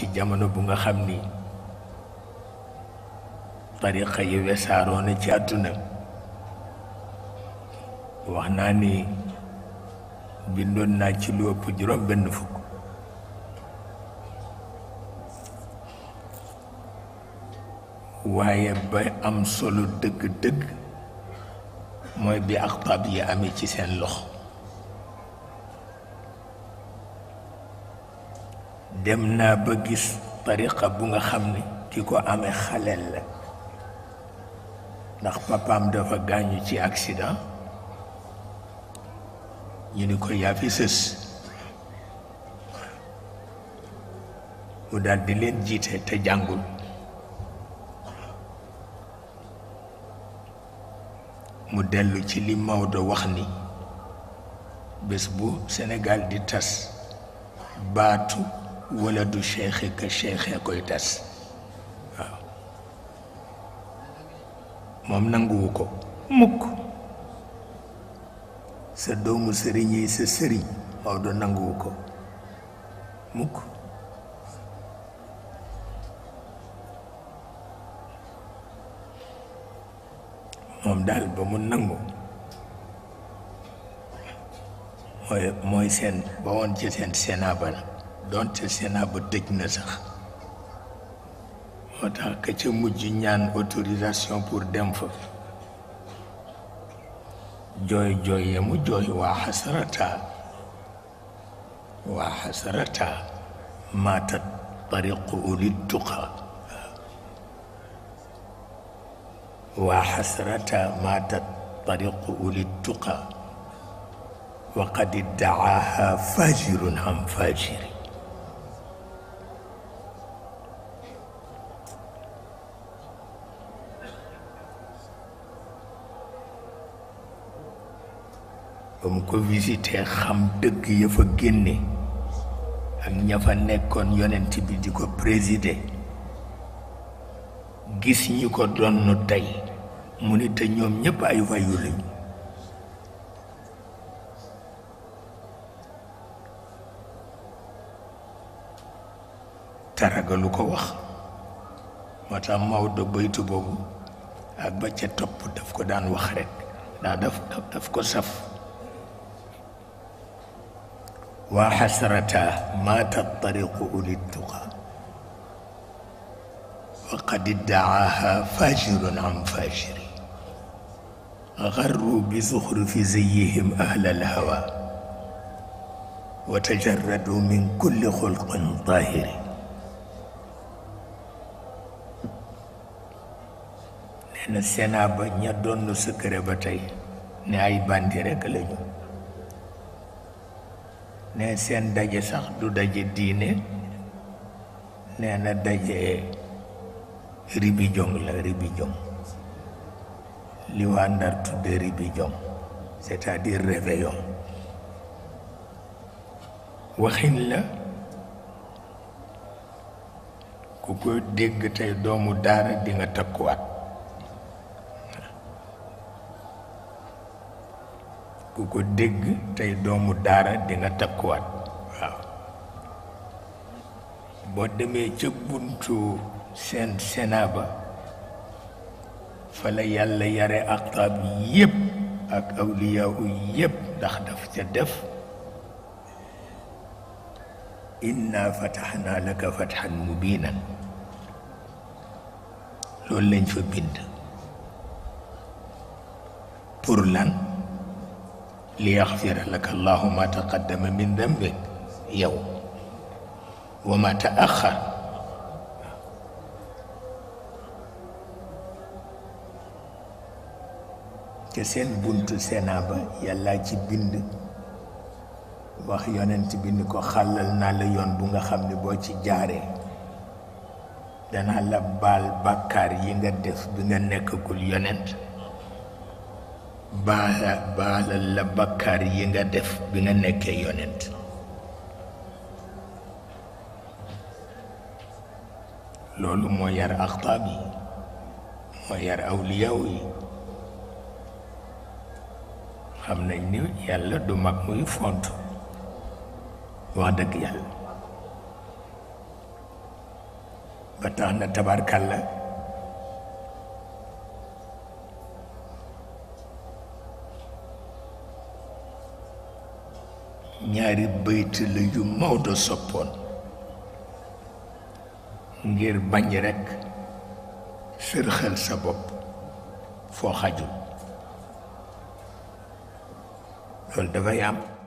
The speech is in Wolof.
ci jamono bu nga xam ni tariqa yi wesaaroo na ci àdduna wax naa ni bindoon naa ci lu ëpp juróom benn fukk waaye ba am solo dëgg-dëgg mooy bi aqtaab yi amee ci seen lox dem naa ba gis tariqa bu nga xam ne ki ko amee xaleel la ndax papaam dafa gaañu ci accident ñu ni ko yaa mu daldi leen jiite te jàngul mu dellu ci li Maodo wax ni bés bu Sénégal di tas baatu wala du cheikhe ka cheikhe koy tas waaw moom nanguwu ko mukk sa doomu sëriñ yi sa sëriñ Maodo nanguwu ko mukk moom daal ba mu nangu mooy mooy seen ba woon ci seen sénat ba donte Sénat ba tëj na sax moo tax ka ca mujj ñaan autorisation pour dem fa jooy jooy ya mu jooy waa xasarata waa xasarata maatat tariqu ulit tuqa waa xasrata maatat tariqu ulit tuqa wa qad iddaaha fajirun am fajiri ba mu ko visité xam dëgg ya fa génne ak ña fa nekkoon yonent bi di ko présider gis ñi ko donn tey mu ni te ñoom ñépp ay wayu lañu taragalu ko wax moo tax Maodo baytu boobu ak ba ca topp daf ko daan wax rekk ndax daf daf ko saf waa xasrata ma tattariqu ulil tuqa faqad iddaaha fajirun an fajiri garru bi zuxrufi ziyihim ahla alhawa wa tajarradu min kulli xulqin daahiri nee na Sénat ba ña doon secret ba tey ne ay bandi rekk lañu ne seen daje sax du daje diine nee na daje ribijong la ribijong li waa Ndar tudde ribijong c'est-à-dire réveillon waxin la ku ko dégg tey doomu daara di nga takkuwaat ku ko dégg tey doomu daara dina takkuwaat waaw boo demee ca buntu seen sénat ba fa la yàlla yare aqtaab yépp ak awliyaa yépp ndax daf ca def inna fataxnaa laka fatxan mubiinan loolu lañ fa bind pour lan li yaxfira laka allahu ma taqaddama min dambik yow wa ma taaxar te seen buntu Sénat ba yàllaa ci bind wax yonent bi ni ko xàllal naa la yoon bu nga xam ne boo ci jaaree danaa la baal bàkkaar yi nga def bi nga nekkagul yonent baala baalal la bakkaar yi nga def bi nga nekkee yonent loolu moo yar axtaab yi moo yar awliyaaw yi xam nañ ni yàlla du mag muy font wax dëgg yàlla ba tax na tabarkàlla ñaari bayt la yu Maodo soppoon ngir bañ rekk sërxal sa bopp foo xajul loolu dafay am